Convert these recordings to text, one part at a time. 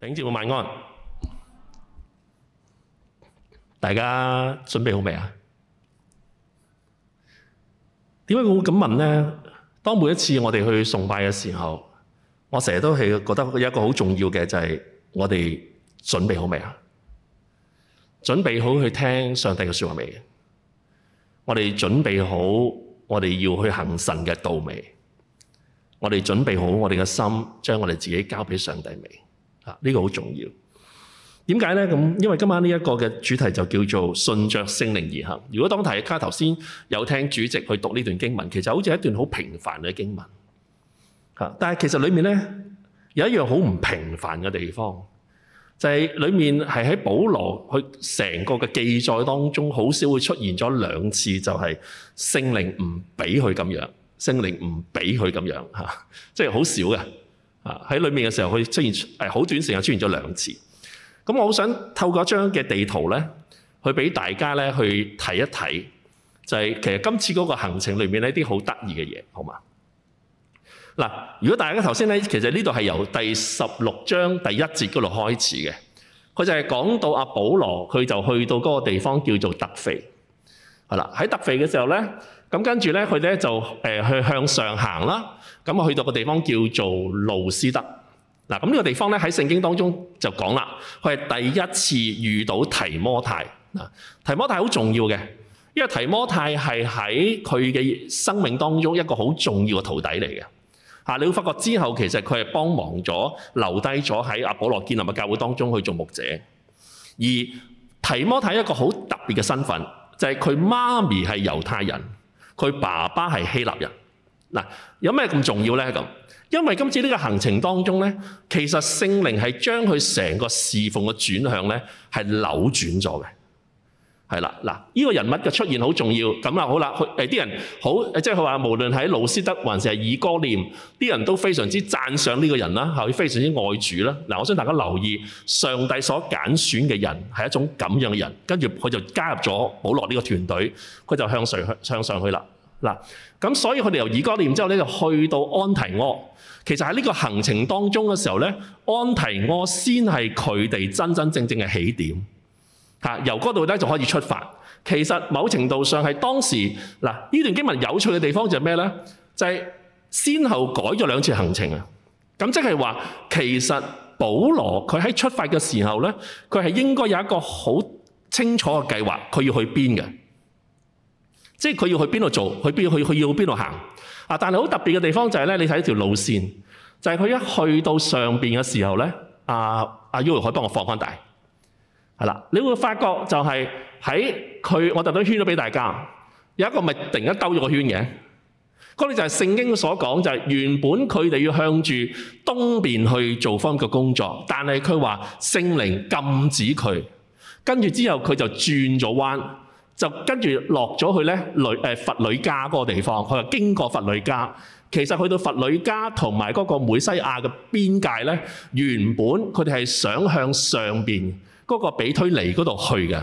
頂住，我晚安，大家準備好未啊？點解我會咁問呢？當每一次我哋去崇拜嘅時候，我成日都係覺得有一個好重要嘅，就係我哋準備好未啊？準備好去聽上帝嘅說話未？我哋準備好，我哋要去行神嘅道未？我哋準備好我們的心，我哋嘅心將我哋自己交俾上帝未？呢個好重要，點解呢？咁因為今晚呢一個嘅主題就叫做順着聖靈而行。如果當大家頭先有聽主席去讀呢段經文，其實好似一段好平凡嘅經文嚇。但係其實裡面呢，有一樣好唔平凡嘅地方，就係裡面係喺保羅佢成個嘅記載當中，好少會出現咗兩次，就係聖靈唔俾佢咁樣，聖靈唔俾佢咁樣嚇，即係好少嘅。喺裏面嘅時候，佢出現誒好短時間出現咗兩次。咁我好想透過一張嘅地圖咧，去俾大家咧去睇一睇，就係其實今次嗰個行程裏面呢一啲好得意嘅嘢，好嘛？嗱，如果大家頭先咧，其實呢度係由第十六章第一節嗰度開始嘅，佢就係講到阿保羅，佢就去到嗰個地方叫做特肥。係啦。喺特肥嘅時候咧，咁跟住咧佢咧就誒去向上行啦。咁我去到個地方叫做路斯德嗱，咁、這、呢個地方呢，喺聖經當中就講啦，佢係第一次遇到提摩太。提摩太好重要嘅，因為提摩太係喺佢嘅生命當中一個好重要嘅徒弟嚟嘅。你會發覺之後，其實佢係幫忙咗留低咗喺阿保羅建立嘅教會當中去做牧者。而提摩太一個好特別嘅身份，就係佢媽咪係猶太人，佢爸爸係希臘人。嗱，有咩咁重要咧？咁，因為今次呢個行程當中咧，其實聖靈係將佢成個侍奉嘅轉向咧，係扭轉咗嘅。係啦，嗱，呢個人物嘅出現好重要。咁啊，好啦，誒啲人好，即係佢話無論喺路斯德還是係以哥念，啲人都非常之讚賞呢個人啦，係非常之愛主啦。嗱，我想大家留意，上帝所揀選嘅人係一種咁樣嘅人，跟住佢就加入咗保羅呢個團隊，佢就向上向上去啦。嗱，咁、嗯、所以佢哋由以哥念之後咧，就去到安提阿。其實喺呢個行程當中嘅時候咧，安提阿先係佢哋真真正正嘅起點。嚇，由嗰度咧就可以出發。其實某程度上係當時嗱，呢、嗯、段經文有趣嘅地方就係咩咧？就係、是、先後改咗兩次行程啊。咁即係話，其實保羅佢喺出發嘅時候咧，佢係應該有一個好清楚嘅計劃，佢要去邊嘅。即係佢要去邊度做，佢邊要去，佢要邊度行啊！但係好特別嘅地方就係咧，你睇條路線，就係、是、佢一去到上邊嘅時候咧，啊啊，U 可以幫我放翻大係啦！你會發覺就係喺佢，我特登圈咗俾大家，有一個咪突然間兜咗個圈嘅佢啲就係聖經所講，就係原本佢哋要向住東邊去做翻個工作，但係佢話聖靈禁止佢，跟住之後佢就轉咗彎。就跟住落咗去咧，弗呂家嗰個地方。佢話經過弗呂家，其實去到弗呂家同埋嗰個每西亞嘅邊界咧，原本佢哋係想向上邊嗰個庇推尼嗰度去嘅。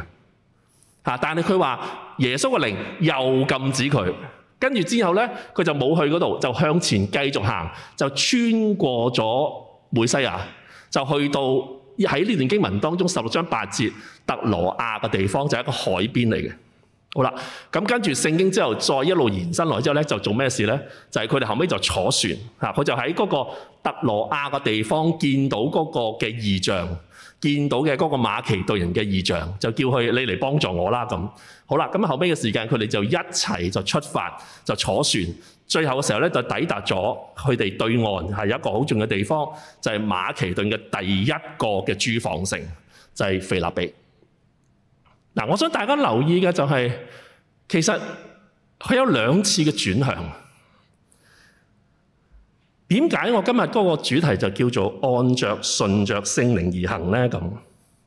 嚇！但係佢話耶穌嘅靈又禁止佢。跟住之後咧，佢就冇去嗰度，就向前繼續行，就穿過咗每西亞，就去到喺呢段經文當中十六章八節特羅亞嘅地方，就係一個海邊嚟嘅。好啦，咁跟住聖經之後，再一路延伸來之後咧，就做咩事咧？就係佢哋後屘就坐船，佢就喺嗰個特羅亞個地方見到嗰個嘅異象，見到嘅嗰個馬其頓人嘅異象，就叫佢你嚟幫助我啦咁。好啦，咁後屘嘅時間，佢哋就一齊就出發，就坐船，最後嘅時候咧就抵達咗佢哋對岸，係有一個好重嘅地方，就係馬其頓嘅第一個嘅駐防城，就係腓立比。我想大家留意嘅就係、是，其實佢有兩次嘅轉向。點解我今日嗰個主題就叫做按著順著聖靈而行呢？咁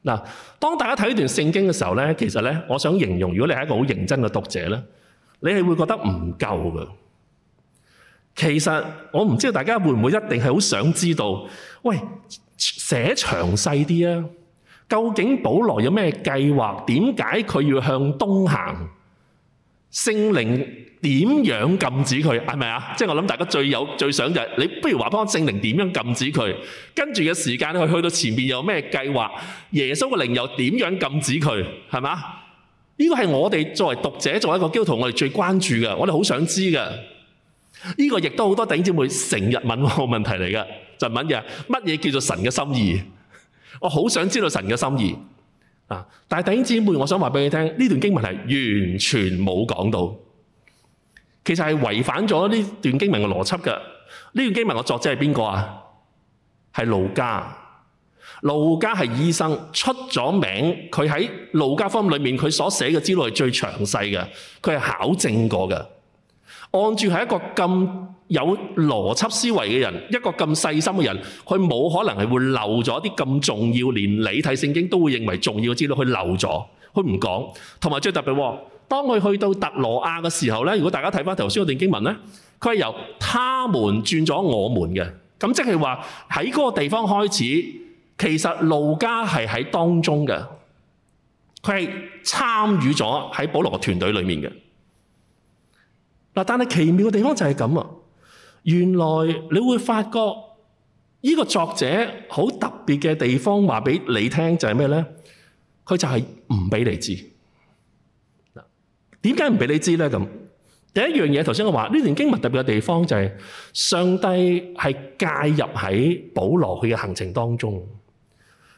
嗱，當大家睇呢段聖經嘅時候呢，其實呢，我想形容，如果你係一個好認真嘅讀者呢，你係會覺得唔夠㗎。其實我唔知道大家會唔會一定係好想知道，喂，寫詳細啲啊！究竟保羅有咩計劃？點解佢要向東行？聖靈點樣禁止佢？係咪啊？即係我諗大家最有最想就係你，不如話返聖靈點樣禁止佢？跟住嘅時間佢去到前面有咩計劃？耶穌嘅靈又點樣禁止佢？係咪啊？呢個係我哋作為讀者，作為一個基督徒，我哋最關注嘅，我哋好想知嘅。呢個亦都好多弟兄姊妹成日問我問題嚟嘅，就問嘢乜嘢叫做神嘅心意？我好想知道神的心意啊。但是弟兄姊妹，我想話俾你聽，呢段經文是完全沒有講到，其實是違反了這段經文的邏輯的。這段經文的作者是邊個啊？係路加，路加是醫生，出了名。他在路加福音裏面他所寫的資料是最詳細的，他是考證過嘅。按住係一個咁有邏輯思維嘅人，一個咁細心嘅人，佢冇可能係會漏咗啲咁重要，連你睇聖經都會認為重要嘅資料留，佢漏咗，佢唔講。同埋最特別，當佢去到特羅亞嘅時候咧，如果大家睇翻頭先嗰段經文咧，佢係由他們轉咗我們嘅，咁即係話喺嗰個地方開始，其實路加係喺當中嘅，佢係參與咗喺保羅嘅團隊裏面嘅。嗱，但係奇妙嘅地方就係咁啊！原來你會發覺呢個作者好特別嘅地方，話俾你聽就係咩呢？佢就係唔俾你知。嗱，點解唔俾你知呢？咁第一樣嘢，頭先我話呢段經文特別嘅地方就係上帝係介入喺保羅佢嘅行程當中。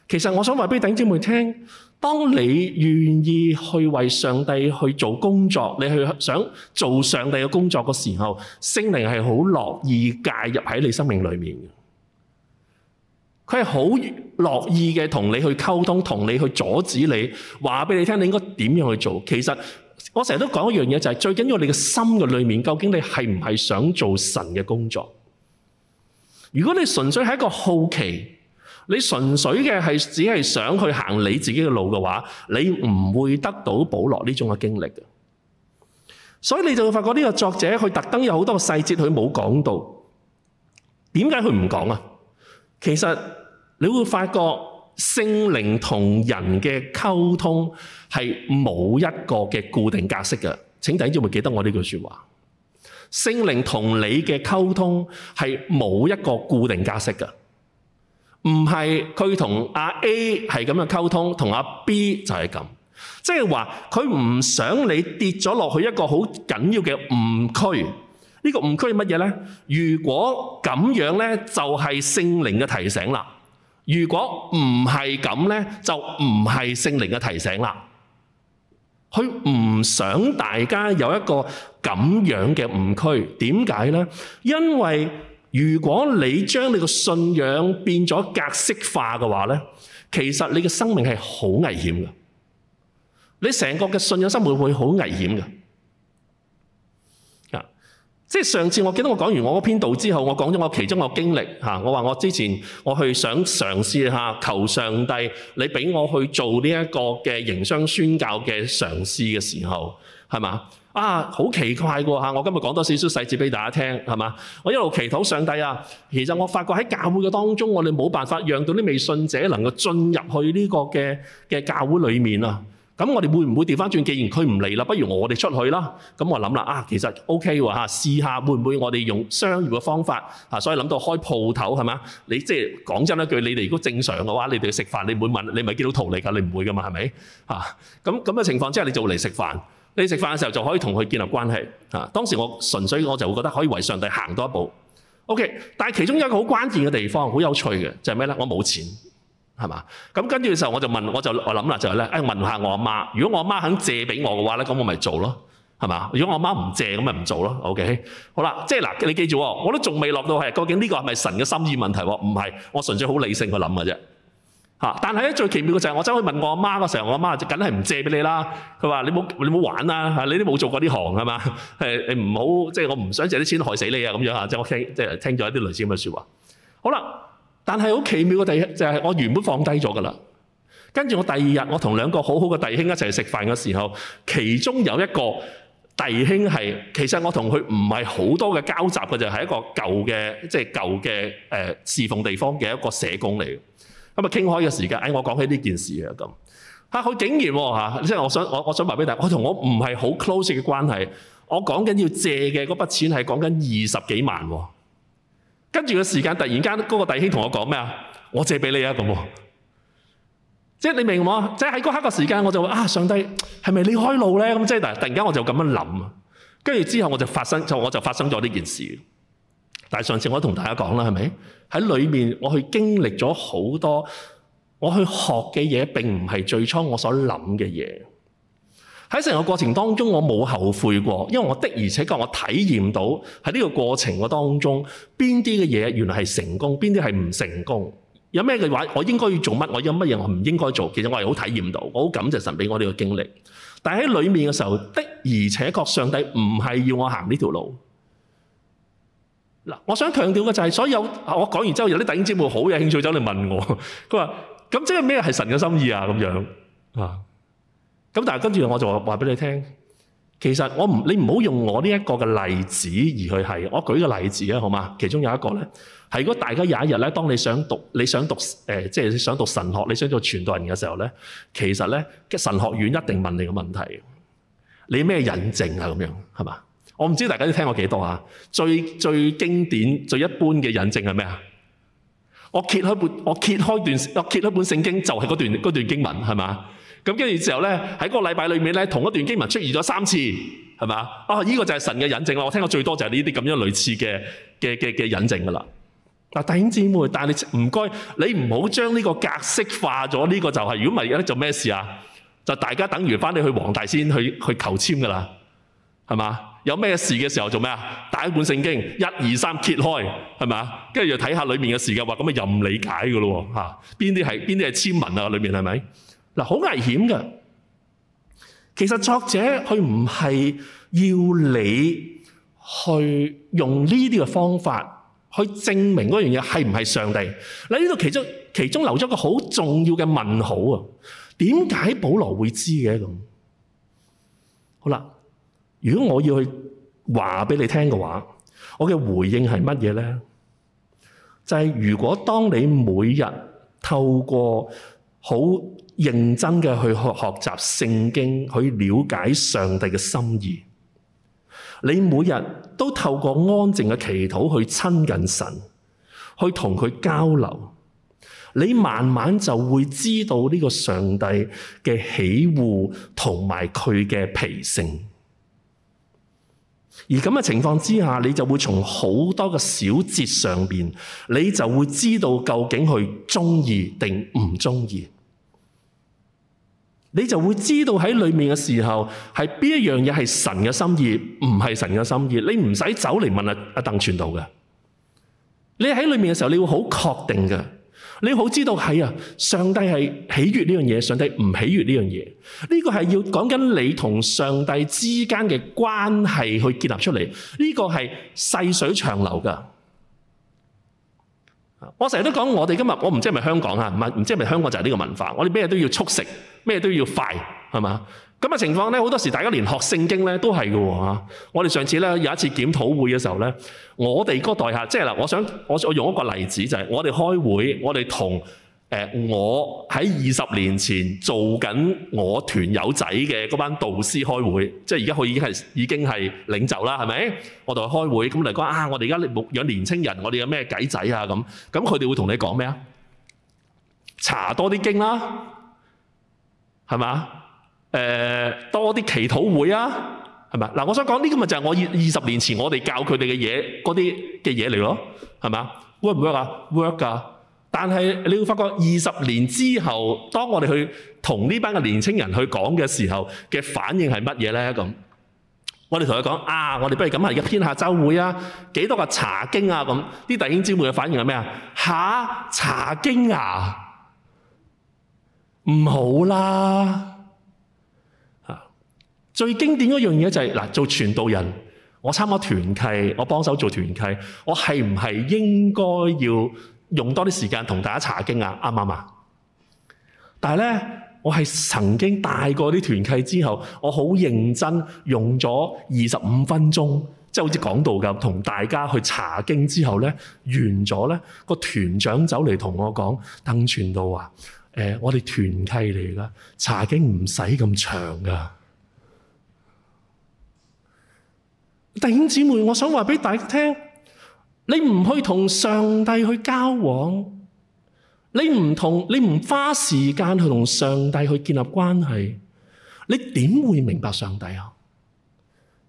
其實我想話俾頂姊妹聽。當你願意去為上帝去做工作，你去想做上帝嘅工作嘅時候，聖靈係好樂意介入喺你生命裏面嘅。佢係好樂意嘅同你去溝通，同你去阻止你話俾你聽，你應該點樣去做。其實我成日都講一樣嘢，就係最緊要你嘅心嘅裏面，究竟你係唔係想做神嘅工作？如果你純粹係一個好奇，你純粹嘅係只係想去行你自己嘅路嘅話，你唔會得到保羅呢種嘅經歷嘅。所以你就會發覺呢個作者佢特登有好多細節佢冇講到。點解佢唔講啊？其實你會發覺聖靈同人嘅溝通係冇一個嘅固定格式嘅。請弟兄姊妹記得我呢句説話：聖靈同你嘅溝通係冇一個固定格式嘅。唔係佢同阿 A 係咁樣溝通，同阿 B 就係咁。即係話佢唔想你跌咗落去一個好緊要嘅誤區。呢個誤區係乜嘢咧？如果咁樣咧，就係聖靈嘅提醒啦。如果唔係咁咧，就唔係聖靈嘅提醒啦。佢唔想大家有一個咁樣嘅誤區。點解咧？因為如果你將你個信仰變咗格式化嘅話咧，其實你嘅生命係好危險嘅，你成個嘅信仰生活會好危險嘅。啊，即係上次我記得我講完我嗰篇道之後，我講咗我其中一個經歷吓，我話我之前我去想嘗試下求上帝，你俾我去做呢一個嘅營商宣教嘅嘗試嘅時候，係嘛？啊，好奇怪喎，我今日講多少少細節俾大家聽，係嘛？我一路祈禱上帝啊，其實我發覺喺教會嘅當中，我哋冇辦法讓到啲未信者能夠進入去呢個嘅嘅教會裏面啊。咁我哋會唔會調翻轉？既然佢唔嚟啦，不如我哋出去啦。咁我諗啦，啊，其實 OK 喎嚇，試下會唔會我哋用商業嘅方法。所以諗到開鋪頭係嘛？你即係講真一句，你哋如果正常嘅話，你哋食飯你唔會問，你咪見到圖嚟㗎，你唔會㗎嘛係咪？嚇咁咁嘅情況之下，你就嚟食飯。你食飯嘅時候就可以同佢建立關係嚇、啊。當時我純粹我就會覺得可以為上帝行多一步。OK，但係其中一個好關鍵嘅地方，好有趣嘅就係、是、咩呢？我冇錢係嘛？咁跟住嘅時候我就問，我就我諗啦就係、是、咧，誒、哎、問下我阿媽，如果我阿媽肯借俾我嘅話咧，咁我咪做咯係嘛？如果我阿媽唔借咁咪唔做咯。OK，好啦，即係嗱、啊，你記住，我都仲未落到係，究竟呢個係咪神嘅心意問題喎？唔、哦、係，我純粹好理性去諗嘅啫。但係咧，最奇妙嘅就係，我走去問我阿媽嗰時候，我阿媽就梗係唔借俾你啦。佢話：你冇你冇玩啊，你都冇做過呢行係嘛？係係唔好，即係我唔想借啲錢害死你啊咁樣嚇。即係我聽即係聽咗一啲類似咁嘅説話。好啦，但係好奇妙嘅地就係我原本放低咗㗎啦。跟住我第二日，我同兩個好好嘅弟兄一齊食飯嘅時候，其中有一個弟兄係其實我同佢唔係好多嘅交集嘅，就係一個舊嘅即係舊嘅誒侍奉地方嘅一個社工嚟嘅。咁啊，傾開嘅時間，誒，我講起呢件事啊，咁嚇佢竟然喎嚇，即係我想我我想話俾大家，我同我唔係好 close 嘅關係，我講緊要借嘅嗰筆錢係講緊二十幾萬喎、啊。跟住個時間突然間，嗰個弟兄同我講咩啊？我借俾你啊，咁、啊、喎。即係你明喎？即係喺嗰刻個時間，我就話啊，上帝係咪你開路咧？咁、啊啊、即係但突然間我就咁樣諗啊。跟住之後我就發生，就我就發生咗呢件事。但係上次我都同大家講啦，係咪？喺裏面我去經歷咗好多，我去學嘅嘢並唔係最初我所諗嘅嘢。喺成個過程當中，我冇後悔過，因為我的而且確我體驗到喺呢個過程嘅當中，邊啲嘅嘢原來係成功，邊啲係唔成功，有咩嘅話我應該要做乜，我有乜嘢我唔應該做。其實我係好體驗到，我好感謝神俾我哋個經歷。但喺裏面嘅時候，的而且確上帝唔係要我行呢條路。嗱、就是，我想強調嘅就係所有我講完之後，有啲突然之間好有興趣走嚟問我，佢話：咁即係咩係神嘅心意啊？咁樣啊？咁但係跟住我就話：話俾你聽，其實我唔你唔好用我呢一個嘅例子而去係我舉個例子啊，好嘛？其中有一個咧係如果大家有一日咧，當你想讀你想讀誒、呃，即係想讀神學，你想做傳道人嘅時候咧，其實咧神學院一定問你個問題：你咩引證啊？咁樣係嘛？我唔知大家都聽過幾多啊？最最經典、最一般嘅引證係咩啊？我揭開本我揭開段我揭開本聖經就係嗰段嗰段經文係嘛？咁跟住之後咧喺嗰個禮拜裏面咧，同一段經文出現咗三次係嘛？啊！呢個就係神嘅引證啦。我聽過最多就係呢啲咁樣類似嘅嘅嘅嘅引證噶啦。嗱，弟兄姊妹，但係你唔該，你唔好將呢個格式化咗。呢個就係如果唔係而家做咩事啊？就大家等於翻你去黃大仙去去求簽噶啦，係嘛？有咩事嘅時候做咩？打一本聖經，一二三揭開，係咪？跟住又睇下裏面嘅事嘅話，咁啊又唔理解㗎喇喎，吓，邊啲係邊啲係籤文啊？裏面係咪嗱？好危險㗎！其實作者佢唔係要你去用呢啲嘅方法去證明嗰樣嘢係唔係上帝。嗱，呢度其中其中留咗一個好重要嘅問號啊！點解保羅會知嘅咁？好啦。如果我要去話俾你聽嘅話，我嘅回應係乜嘢咧？就係，如果當你每日透過好認真嘅去學學習聖經，去了解上帝嘅心意，你每日都透過安靜嘅祈禱去親近神，去同佢交流，你慢慢就會知道呢個上帝嘅喜惡同埋佢嘅脾性。而咁嘅情況之下，你就會從好多個小節上面，你就會知道究竟佢鍾意定唔鍾意，你就會知道喺裏面嘅時候係邊一樣嘢係神嘅心意，唔係神嘅心意。你唔使走嚟問阿阿鄧傳道嘅，你喺裏面嘅時候，你會好確定㗎。你好知道係啊，上帝係喜悅呢樣嘢，上帝唔喜悅呢樣嘢。呢個係要講緊你同上帝之間嘅關係去建立出嚟。呢個係細水長流噶。我成日都講，我哋今日我唔知係咪香港啊，唔唔知係咪香港就係呢個文化。我哋咩都要速食，咩都要快，係嘛？咁嘅情況咧，好多時大家連學聖經咧都係㗎喎吓。我哋上次咧有一次檢討會嘅時候咧，我哋嗰代客即係嗱，我想我我用一個例子就係、是、我哋開會，我哋同誒我喺二十年前做緊我團友仔嘅嗰班導師開會，即係而家佢已經係已經係領袖啦，係咪？我哋開會咁嚟講啊，我哋而家牧養年青人，我哋有咩計仔啊咁？咁佢哋會同你講咩啊？查多啲經啦，係嘛？誒、呃、多啲祈禱會啊，係咪？嗱，我想講呢個咪就係我二十年前我哋教佢哋嘅嘢嗰啲嘅嘢嚟咯，係咪？work 唔 work 啊？work 㗎、啊。但係你會發覺二十年之後，當我哋去同呢班嘅年輕人去講嘅時候嘅反應係乜嘢咧？咁我哋同佢講啊，我哋不如咁啊，而家編下週會啊，幾多個查經啊咁，啲弟兄姊妹嘅反應係咩啊？嚇查經啊，唔、啊、好啦～最經典嗰樣嘢就係、是、嗱，做傳道人，我參加團契，我幫手做團契，我係唔係應該要用多啲時間同大家查經啊？啱唔啱啊？但係咧，我係曾經帶過啲團契之後，我好認真用咗二十五分鐘，即、就、係、是、好似講到咁，同大家去查經之後咧，完咗咧，個團長走嚟同我講：鄧傳道啊，誒、呃，我哋團契嚟噶，查經唔使咁長噶。頂姊妹，我想話俾大家聽，你唔去同上帝去交往，你唔同你唔花時間去同上帝去建立關係，你點會明白上帝啊？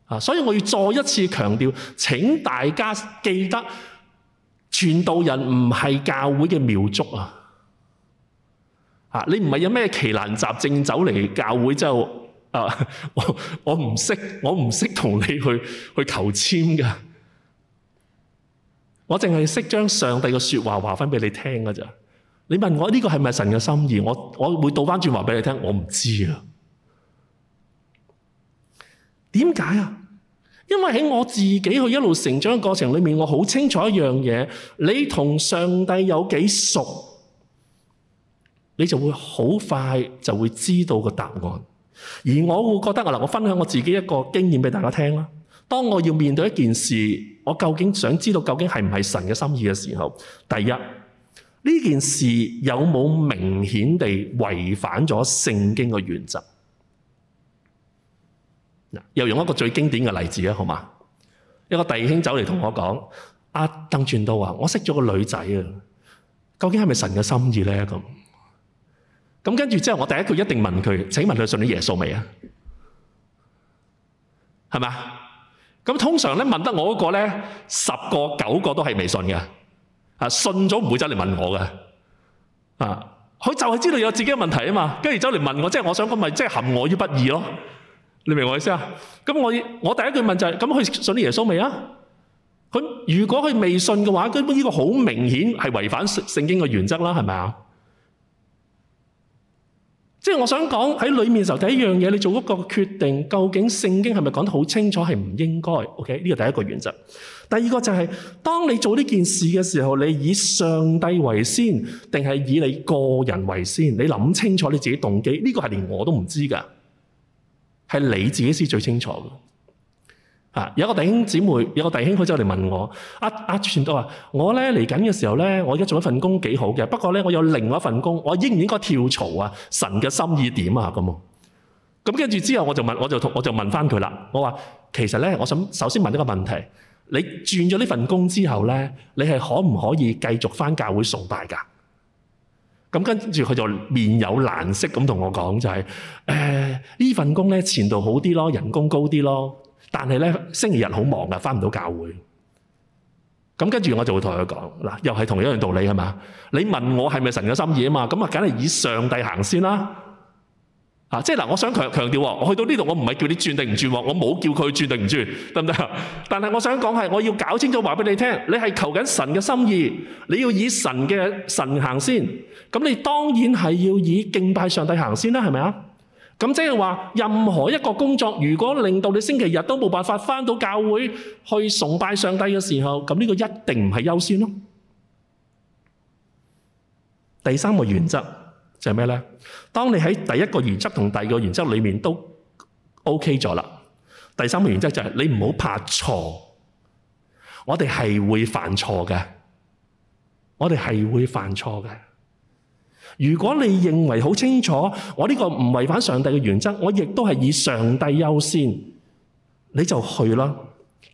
啊，所以我要再一次強調，請大家記得，傳道人唔係教會嘅苗族啊！啊，你唔係有咩奇難雜症走嚟教會之後。 我我唔識，我唔識同你去，去求簽噶。我淨係識將上帝嘅說話話翻俾你聽噶咋。你問我呢個係咪神嘅心意？我我會倒翻轉話俾你聽，我唔知啊。點解啊？因為喺我自己去一路成長嘅過程裏面，我好清楚一樣嘢：你同上帝有幾熟，你就會好快就會知道個答案。而我會覺得我分享我自己一個經驗畀大家聽啦。當我要面對一件事，我究竟想知道究竟係唔係神嘅心意嘅時候，第一呢件事有冇明顯地違反咗聖經嘅原則？又用一個最經典嘅例子啊，好嘛？一個弟兄走嚟同我講：「阿鄧傳道啊，我識咗個女仔啊，究竟係咪神嘅心意呢？」咁跟住之後，我第一句一定問佢：請問佢信咗耶穌未啊？係咪？」咁通常咧問得我嗰個咧，十個九個都係未信嘅。啊，信咗唔會走嚟問我嘅。啊，佢就係知道有自己嘅問題啊嘛，跟住走嚟問我，即係我想咁咪即係陷我於不義咯。你明我意思啊？咁我我第一句問就係：咁佢信咗耶穌未啊？佢如果佢未信嘅話，根本呢個好明顯係違反聖經嘅原則啦，係咪啊？即係我想講喺裏面嘅時候，第一樣嘢你做一個決定，究竟聖經係咪講得好清楚係唔應該？OK，呢個第一個原則。第二個就係，當你做呢件事嘅時候，你以上帝為先，定係以你個人為先？你諗清楚你自己動機，呢個係連我都唔知㗎，係你自己先最清楚。啊！有個弟兄姊妹，有個弟兄佢走嚟問我：，啊啊！傳道話、啊、我咧嚟緊嘅時候咧，我而家做一份工幾好嘅，不過咧我有另外一份工，我應唔應該跳槽啊？神嘅心意點啊？咁咁跟住之後我就問，我就我就問翻佢啦。我話其實咧，我想首先問一個問題：你轉咗呢份工之後咧，你係可唔可以繼續翻教會崇拜㗎？咁跟住佢就面有難色咁同我講，就係誒呢份工咧前途好啲咯，人工高啲咯。但係咧，星期日好忙啊，返唔到教會。咁跟住我就會同佢講嗱，又係同一樣道理係嘛？你問我係咪神嘅心意啊嘛？咁啊，梗係以上帝行先啦、啊。啊，即係嗱，我想強強調喎，我去到呢度，我唔係叫你轉定唔轉喎，我冇叫佢轉定唔轉，得唔得？但係我想講係，我要搞清楚話俾你聽，你係求緊神嘅心意，你要以神嘅神行先。咁你當然係要以敬拜上帝行先啦，係咪啊？咁即係話，任何一個工作，如果令到你星期日都冇辦法返到教會去崇拜上帝嘅時候，咁呢個一定唔係優先咯。第三個原則就係咩呢？當你喺第一個原則同第二個原則裏面都 OK 咗啦，第三個原則就係你唔好怕錯。我哋係會犯錯嘅，我哋係會犯錯嘅。如果你認為好清楚，我呢個唔違反上帝嘅原則，我亦都係以上帝優先，你就去啦。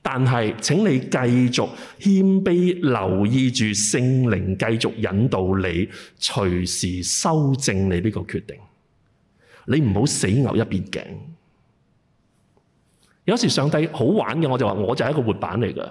但係請你繼續謙卑留意住聖靈，繼續引導你，隨時修正你呢個決定。你唔好死牛一邊頸。有時上帝好玩嘅，我就話「我就係一個活版嚟㗎。」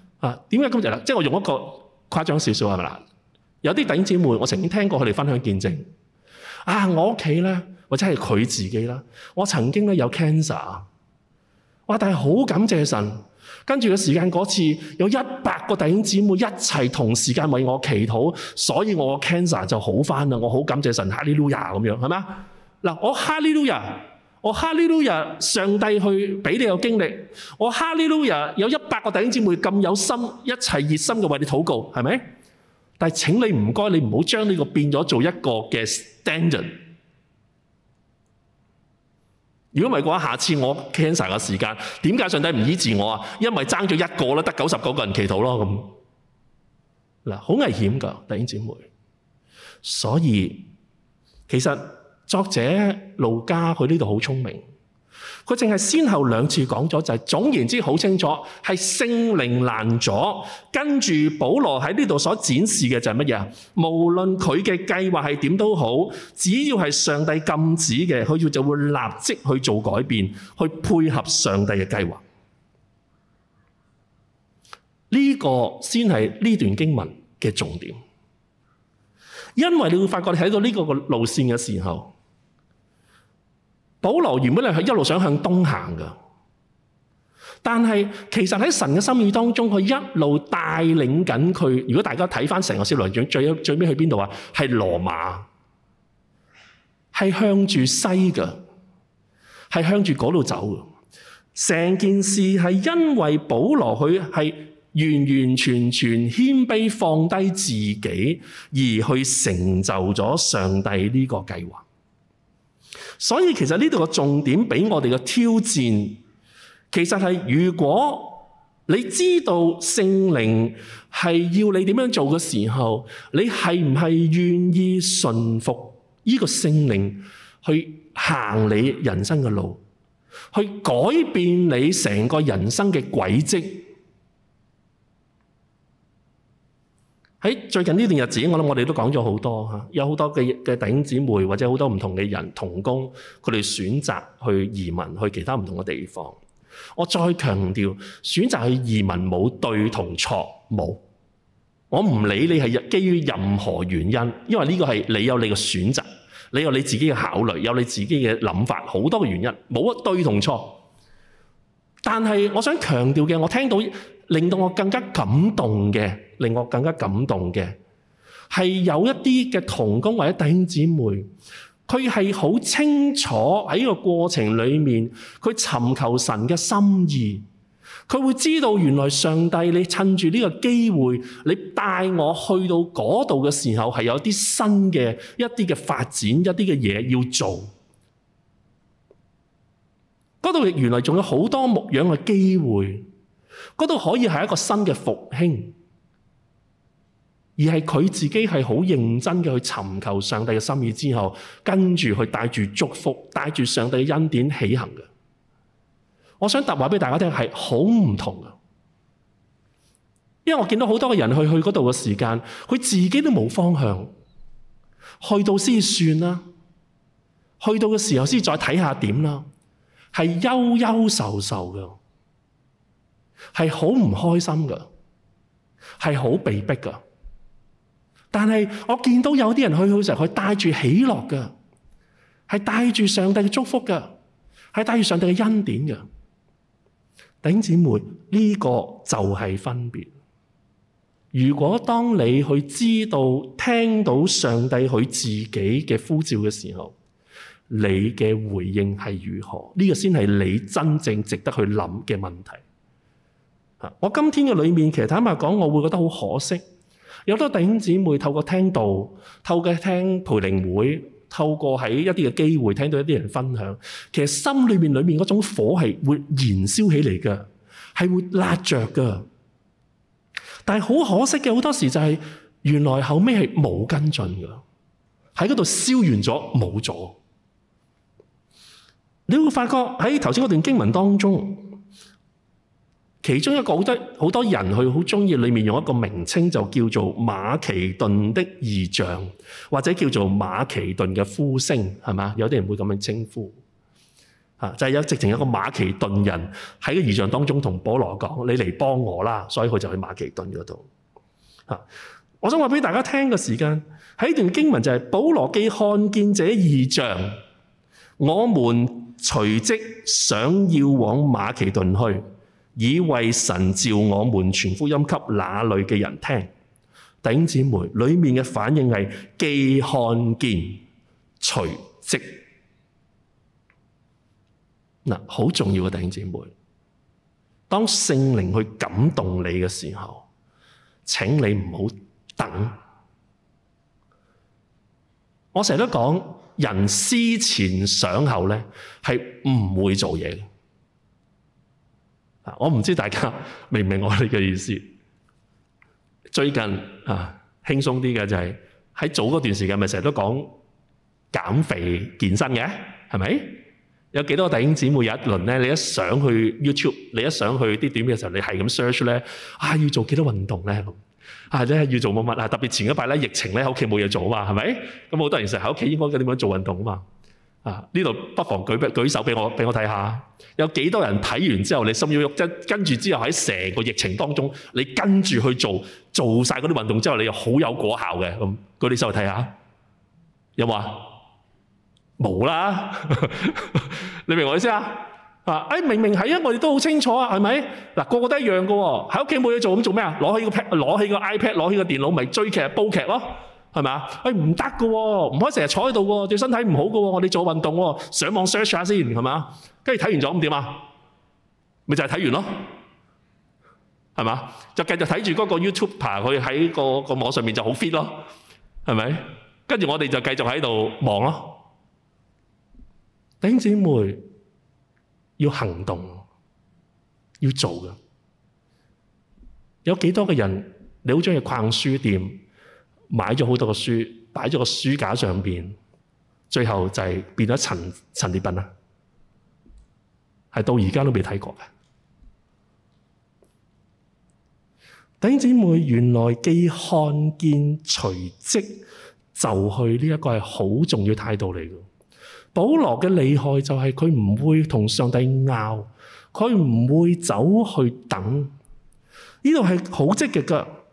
啊，點解今日咧？即係我用一個誇張少少係咪啦？有啲弟兄姊妹，我曾經聽過佢哋分享見證啊，我屋企咧，或者係佢自己啦，我曾經咧有 cancer，啊。哇！但係好感謝神，跟住個時間嗰次，有一百個弟兄姊妹一齊同時間為我祈禱，所以我嘅 cancer 就好翻啦。我好感謝神，哈利路亞咁樣係咪啊？嗱，我哈利路亞。我哈利路亞，上帝去俾你有經歷。我哈利路亞，有一百個弟兄姊妹咁有心，一齊熱心嘅為你禱告，係咪？但係請你唔該，你唔好將呢個變咗做一個嘅 standard。如果唔係嘅話，下次我 cancer 嘅時間，點解上帝唔醫治我啊？因為爭咗一個啦，得九十九個人祈禱囉。咁嗱，好危險㗎，弟兄姊妹。所以其實。作者路加，佢呢度好聰明，佢淨係先後兩次講咗就係、是，總言之好清楚係聖靈攔阻，跟住保羅喺呢度所展示嘅就係乜嘢啊？無論佢嘅計劃係點都好，只要係上帝禁止嘅，佢就就會立即去做改變，去配合上帝嘅計劃。呢、這個先係呢段經文嘅重點，因為你會發覺你喺度呢個個路線嘅時候。保羅原本係一路想向東行㗎，但係其實喺神嘅心意當中，佢一路帶領緊佢。如果大家睇翻成個小旅程，最最尾去邊度啊？係羅馬，係向住西嘅，係向住嗰度走的。成件事係因為保羅佢係完完全全謙卑放低自己，而去成就咗上帝呢個計劃。所以其實呢度個重點畀我哋嘅挑戰，其實係如果你知道聖靈係要你點樣做嘅時候，你係唔係願意順服呢個聖靈去行你人生嘅路，去改變你成個人生嘅軌跡？喺最近呢段日子，我諗我哋都講咗好多，有好多嘅弟兄姊妹或者好多唔同嘅人同工，佢哋選擇去移民去其他唔同嘅地方。我再強調，選擇去移民冇對同錯冇，我唔理你係基於任何原因，因為呢個係你有你嘅選擇，你有你自己嘅考慮，有你自己嘅諗法，好多嘅原因，冇對同錯。但係我想強調嘅，我聽到令到我更加感動嘅。令我更加感動嘅係有一啲嘅同工或者弟兄姊妹，佢係好清楚喺呢個過程裏面，佢尋求神嘅心意，佢會知道原來上帝，你趁住呢個機會，你帶我去到嗰度嘅時候係有啲新嘅一啲嘅發展，一啲嘅嘢要做。嗰度原來仲有好多牧養嘅機會，嗰度可以係一個新嘅復興。而係佢自己係好認真嘅去尋求上帝嘅心意之後，跟住去帶住祝福、帶住上帝嘅恩典起行嘅。我想答話俾大家聽，係好唔同嘅。因為我見到好多嘅人去去嗰度嘅時間，佢自己都冇方向，去到先算啦，去到嘅時候先再睇下點啦，係憂憂愁愁嘅，係好唔開心嘅，係好被逼嘅。但係我見到有啲人去嘅時候帶着的，佢帶住喜樂㗎，係帶住上帝嘅祝福㗎，係帶住上帝嘅恩典嘅。弟兄姐妹呢、這個就係分別。如果當你去知道聽到上帝佢自己嘅呼召嘅時候，你嘅回應係如何？呢、這個先係你真正值得去諗嘅問題。我今天嘅裏面其實坦白講，我會覺得好可惜。有好多弟兄姊妹透過聽道、透過聽培靈會、透過喺一啲嘅機會聽到一啲人分享，其實心裏面裏面嗰種火係會燃燒起嚟㗎，係會焫著㗎。但係好可惜嘅，好多時候就係、是、原來後尾係冇跟進㗎。喺嗰度燒完咗，冇咗。你會發覺喺頭先嗰段經文當中。其中一個好多好多人，佢好鍾意。裡面用一個名稱就叫做馬其頓的異象，或者叫做馬其頓嘅呼聲，係嘛？有啲人會咁樣稱呼啊，就係、是、有直情有一個馬其頓人喺個異象當中同保羅講：你嚟幫我啦！所以佢就去馬其頓嗰度啊。我想話俾大家聽嘅時間喺段經文就係、是：保羅既看見這異象，我們隨即想要往馬其頓去。以為神召我們傳福音給那裏嘅人聽，弟兄姊妹裏面嘅反應係既看見隨即。嗱，好重要嘅弟兄姊妹，當聖靈去感動你嘅時候，請你唔好等。我成日都講，人思前想後呢，係唔會做嘢嘅。我唔知道大家明唔明白我哋個意思。最近啊，輕鬆啲嘅就係喺早嗰段時間，咪成日都講減肥健身嘅，係咪？有幾多少個弟兄姐妹有一輪呢？你一上去 YouTube，你一上去啲短片嘅時候，你係咁 search 呢，「啊要做幾多運動咧？啊，即係要做乜乜啊？特別前一排呢，疫情呢，喺屋企冇嘢做嘛，係咪？咁好多人成日喺屋企應該點樣做運動嘛。啊！呢度不妨舉，舉手俾我俾我睇下，有幾多人睇完之後，你心喐喐，跟跟住之後喺成個疫情當中，你跟住去做做晒嗰啲運動之後，你又好有果效嘅。咁、嗯，舉啲手去睇下，有冇啊？冇啦！ 你明我意思啊？啊、哎！明明係啊，我哋都好清楚啊，係咪？嗱個個都一樣㗎喎、哦，喺屋企冇嘢做咁做咩啊？攞起個 pad，攞起個 iPad，攞起個電腦，咪追劇煲劇咯。哎，係咪啊？唔得㗎喎，唔可以成日坐喺度喎，對身體唔好㗎喎。我哋做運動喎，上網 search 下先，係咪？跟住睇完咗咁點啊？咪就係睇完咯，係咪？就繼續睇住嗰個 YouTuber 佢喺個個網上面就好 fit 咯，係咪？跟住我哋就繼續喺度望咯。弟兄姊妹要行動，要做㗎。有幾多嘅人你好鍾意逛書店？買咗好多個書，擺咗個書架上面，最後就係變咗陳陳列品了係到而家都未睇過嘅。弟兄姊妹，原來既看見隨即就去呢一個係好重要態度嚟嘅。保羅嘅厲害就係佢唔會同上帝拗，佢唔會走去等，呢度係好積極嘅。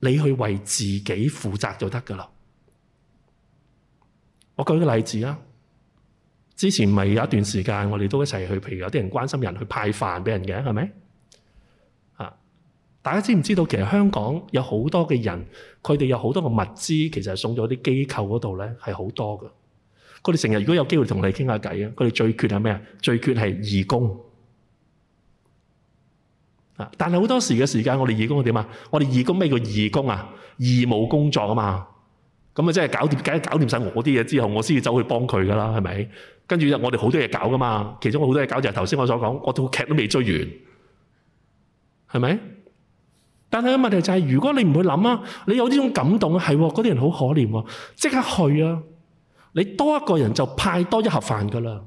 你去為自己負責就得㗎喇。我舉個例子啊，之前咪有一段時間，我哋都一齊去，譬如有啲人關心人去派飯俾人嘅，係咪？啊，大家知唔知道？其實香港有好多嘅人，佢哋有好多嘅物資，其實送咗啲機構嗰度呢，係好多㗎。佢哋成日如果有機會同你傾下偈，佢哋最缺係咩？最缺係義工。但係好多時嘅時間，我哋義工點啊？我哋義工咩叫義工啊？義務工作啊嘛。咁啊，即係搞掂，梗搞掂晒我啲嘢之後，我先至走去幫佢噶啦，係咪？跟住我哋好多嘢搞噶嘛。其中好多嘢搞就係頭先我所講，我套劇都未追完，係咪？但係問題就係，如果你唔去諗啊，你有呢種感動，係嗰啲人好可憐喎，即刻去啊！你多一個人就派多一盒飯噶啦。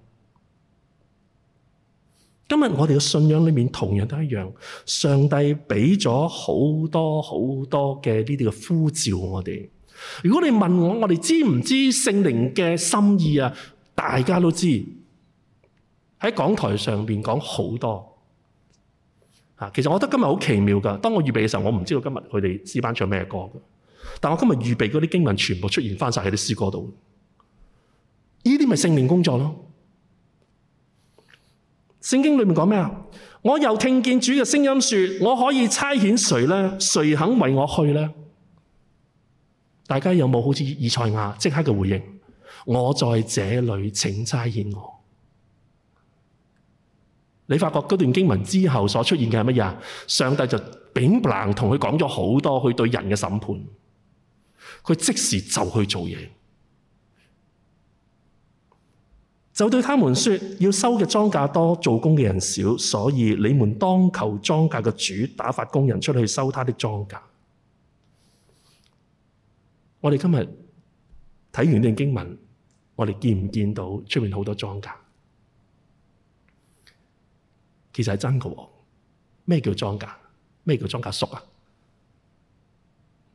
今日我哋嘅信仰裏面同樣都一樣，上帝俾咗好多好多嘅呢啲嘅呼召。我哋如果你問我，我哋知唔知聖靈嘅心意啊？大家都知，喺講台上面講好多。啊，其實我覺得今日好奇妙㗎。當我預備嘅時候，我唔知道今日佢哋詩班唱咩歌，但我今日預備嗰啲經文全部出現返晒喺啲詩歌度。呢啲咪聖靈工作咯？聖經裏面講咩？我又聽見主嘅聲音說：我可以差遣誰呢？誰肯為我去呢？大家有冇有好似以賽亞即刻嘅回應？我在這裏，請差遣我。你發覺嗰段經文之後所出現嘅係乜嘢？上帝就噼里啪啦同佢講咗好多佢對人嘅審判，佢即時就去做嘢。就對他們說，要收嘅莊稼多，做工嘅人少，所以你們當求莊稼嘅主，打發工人出去收他的莊稼。我哋今日睇完呢段經文，我哋見唔見到出面好多莊稼？其實係真嘅、哦、什咩叫莊稼？咩叫莊稼熟啊？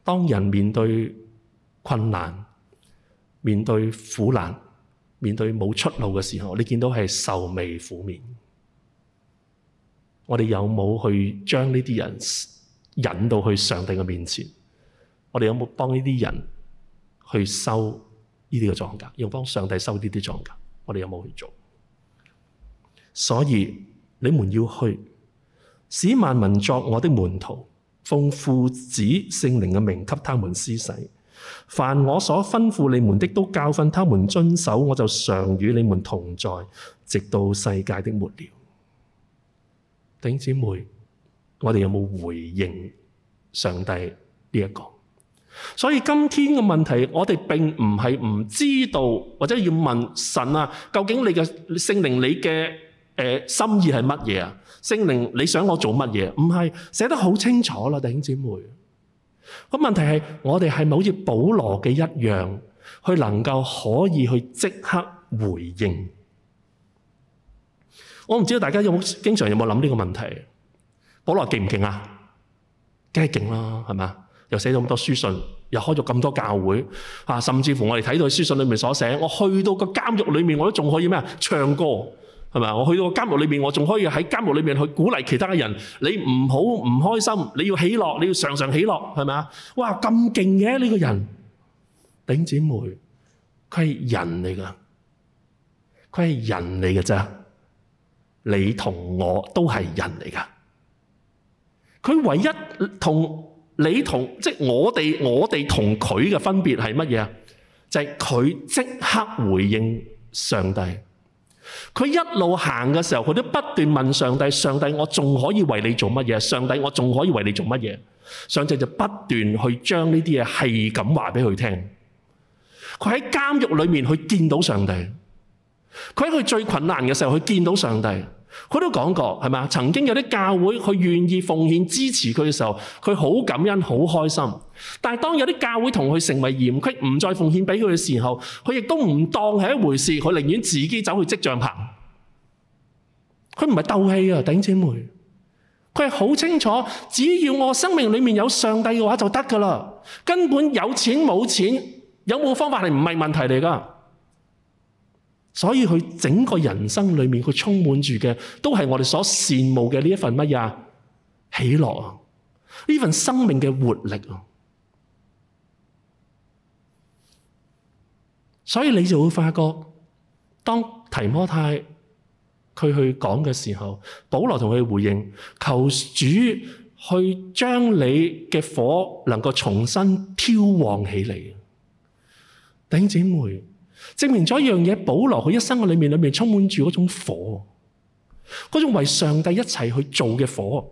當人面對困難，面對苦難。面對冇出路嘅時候，你見到係愁眉苦面。我哋有冇去將呢啲人引到去上帝嘅面前？我哋有冇幫呢啲人去收呢啲嘅莊稼？要幫上帝收呢啲莊稼，我哋有冇去做？所以你們要去使萬民作我的門徒，奉父子聖靈嘅名給他們施洗。凡我所吩咐你們的，都教訓他們遵守，我就常與你們同在，直到世界的末了。弟兄姊妹，我哋有冇回應上帝呢、這、一個？所以今天嘅問題，我哋並唔係唔知道，或者要問神啊，究竟你嘅聖靈你嘅誒、呃、心意係乜嘢啊？聖靈你想我做乜嘢？唔係寫得好清楚啦，弟兄姊妹。個問題係我哋係唔好似保羅嘅一樣，去能夠可以去即刻回應。我唔知道大家有冇經常有冇諗呢個問題？保羅勁唔勁啊？梗係勁啦，係嘛？又寫咗咁多書信，又開咗咁多教會啊！甚至乎我哋睇到佢書信裏面所寫，我去到個監獄裏面，我都仲可以咩啊？唱歌。係咪啊？我去到監獄裏面，我仲可以喺監獄裏面去鼓勵其他人。你唔好唔開心，你要喜樂，你要常常喜樂，係咪啊？哇！咁勁嘅呢個人，頂姐妹，佢係人嚟㗎！佢係人嚟㗎咋？你同我都係人嚟㗎！佢唯一同你同即、係、我哋我哋同佢嘅分別係乜嘢？就係佢即刻回應上帝。佢一路行嘅時候，佢都不斷問上帝，上帝，我仲可以為你做乜嘢？上帝，我仲可以為你做乜嘢？上帝就不斷去將呢啲嘢係咁話俾佢聽。佢喺監獄裏面，佢去見到上帝。佢喺佢最困難嘅時候，佢去見到上帝。佢都講過，係咪啊？曾經有啲教會佢願意奉獻支持佢嘅時候，佢好感恩、好開心。但係當有啲教會同佢成為嫌隙，唔再奉獻俾佢嘅時候，佢亦都唔當係一回事。佢寧願自己走去織帳棚。佢唔係鬥氣啊，頂姐妹，佢係好清楚，只要我生命裏面有上帝嘅話就得㗎啦。根本有錢冇錢，有冇方法係唔係問題嚟㗎？所以佢整個人生裏面，佢充滿住嘅都係我哋所羨慕嘅呢一份乜呀？喜樂，這呢份生命嘅活力。所以你就會發覺，當提摩太佢去講嘅時候，保羅同佢回應，求主去將你嘅火能夠重新挑旺起嚟。弟兄姐妹。證明咗一樣嘢，保羅佢一生嘅裏面裏面充滿住嗰種火，嗰種為上帝一齊去做嘅火。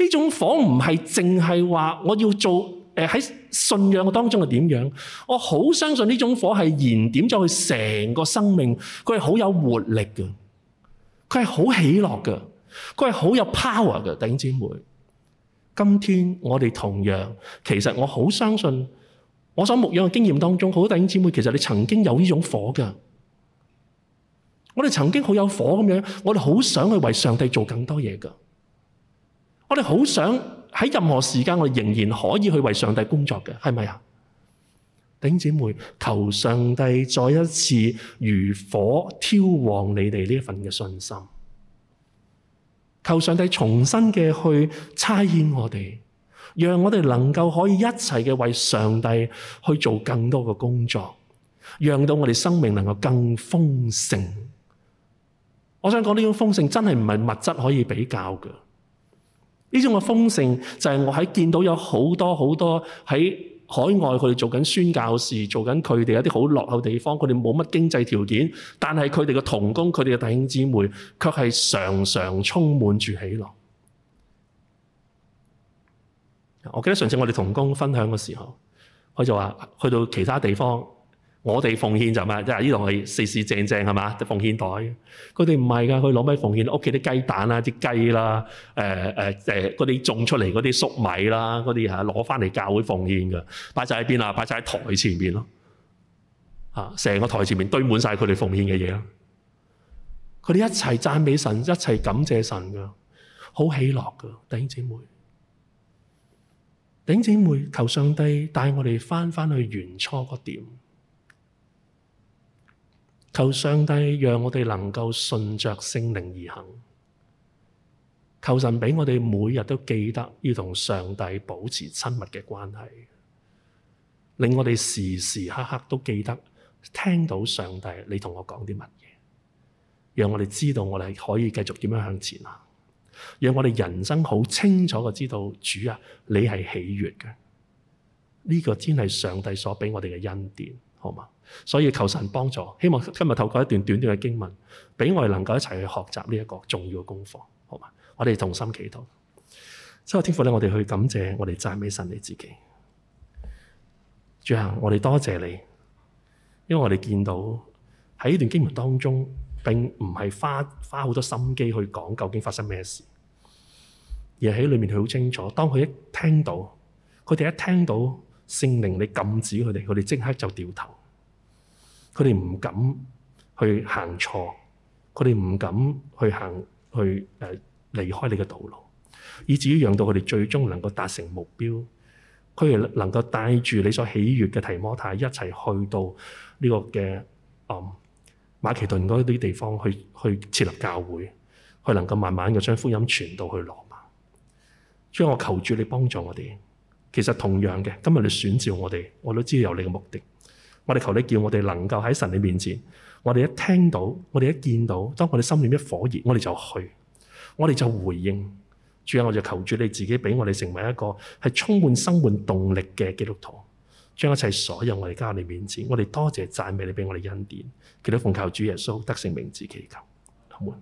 呢種火唔係淨係話我要做，誒、呃、喺信仰嘅當中係點樣。我好相信呢種火係燃點咗佢成個生命，佢係好有活力嘅，佢係好喜樂嘅，佢係好有 power 嘅。弟兄姊妹，今天我哋同樣，其實我好相信。我所牧養嘅經驗當中，好多弟兄姐妹其實你曾經有呢種火嘅，我哋曾經好有火咁樣，我哋好想去為上帝做更多嘢㗎。我哋好想喺任何時間我們仍然可以去為上帝工作㗎，係咪啊？弟兄姐妹，求上帝再一次如火挑旺你哋呢一份嘅信心，求上帝重新嘅去差遣我哋。讓我哋能夠可以一齊嘅為上帝去做更多嘅工作，讓到我哋生命能夠更豐盛。我想講呢種豐盛真係唔係物質可以比較嘅。呢種嘅豐盛就係我喺見到有好多好多喺海外，佢哋做緊宣教士、做緊佢哋一啲好落後的地方，佢哋冇乜經濟條件，但係佢哋嘅同工、佢哋嘅弟兄姊妹卻係常常充滿住喜樂。我記得上次我哋同工分享嘅時候，佢就話：去到其他地方，我哋奉獻就係嘛，即係呢度係四四正正係嘛？奉獻袋。佢哋唔係㗎，佢攞咩奉獻？屋企啲雞蛋啦、啲雞啦、嗰、呃、啲、呃呃、種出嚟嗰啲粟米啦，嗰啲攞翻嚟教會奉獻㗎，擺晒喺邊啊？擺晒喺台前面咯，嚇！成個台前面堆滿晒佢哋奉獻嘅嘢咯。佢哋一齊讚美神，一齊感謝神㗎，好喜樂㗎，弟兄姊妹。頂姐妹，求上帝帶我哋返返去原初個點，求上帝讓我哋能夠順着聖靈而行，求神俾我哋每日都記得要同上帝保持親密嘅關係，令我哋時時刻刻都記得聽到上帝你同我講啲乜嘢，讓我哋知道我哋可以繼續點樣向前行。讓我哋人生好清楚嘅，知道主啊，你係喜悦嘅，呢、這個先係上帝所畀我哋嘅恩典，好嘛？所以求神幫助，希望今日透過一段短短嘅經文，畀我哋能夠一齊去學習呢一個重要嘅功課，好嘛？我哋同心祈禱，之後天父咧，我哋去感謝我哋讚美神你自己，主啊，我哋多謝，謝你，因為我哋見到喺呢段經文當中，並唔係花花好多心機去講究竟發生咩事。而喺裏面，佢好清楚。當佢一聽到，佢哋一聽到聖靈，你禁止佢哋，佢哋即刻就掉頭。佢哋唔敢去行錯，佢哋唔敢去行去誒離開你嘅道路，以至於讓到佢哋最終能夠達成目標。佢哋能夠帶住你所喜悅嘅提摩太一齊去到呢個嘅、嗯、馬其頓嗰啲地方去去設立教會，去能夠慢慢嘅將福音傳到去羅將我求主你幫助我哋，其實同樣嘅，今日你選召我哋，我都知道有你嘅目的。我哋求你叫我哋能夠喺神嘅面前，我哋一聽到，我哋一見到，當我哋心裏一火熱，我哋就去，我哋就回應。最後，我就求主你自己俾我哋成為一個係充滿生命動力嘅基督徒，將一切所有我哋交你面前。我哋多謝讚美你俾我哋恩典。求你奉求主耶穌，得勝名字祈求，好嗎？